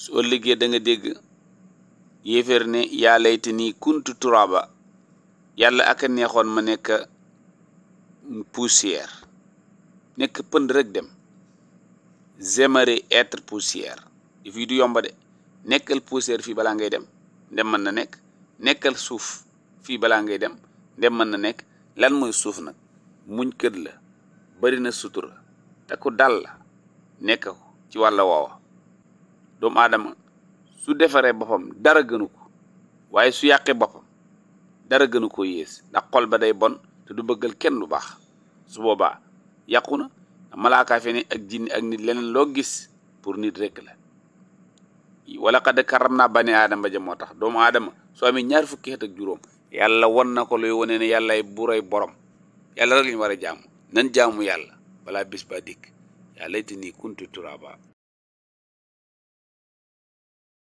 su ëllëgee danga dégg yéeféer ne yaa layte nii kuntu turaba yàlla aka neexoon ma nekk poussière nekk pënd rek dem j'aimerais être poussière fii du yomba de nekkal poussière fii balaa ngay dem ndem mën na nekk nekkal suuf fii balaa ngay dem ndem mën na nekk lan mooy suuf nag muñ kët la bari na sutura te ku dal la nekk ko ci wàlla woowa doomu aadama su defaree boppam dara gënu ko waaye su yàqee boppam dara gënu ko yées ndax xol ba day bon te du bëggal kenn lu baax su boobaa yàqu na malaakaa fi ne ak jinni ak nit leneen loo gis pour nit rek la wala karam naa bani aadama ja moo tax doomu aadama soo amee ñaar fukki xet ak juróom yàlla won na luy ne yàllay buray borom yàlla rek lañu war a jaamu nan jaamu yàlla balaa bis ba dikk yàlla ya kuntu turaba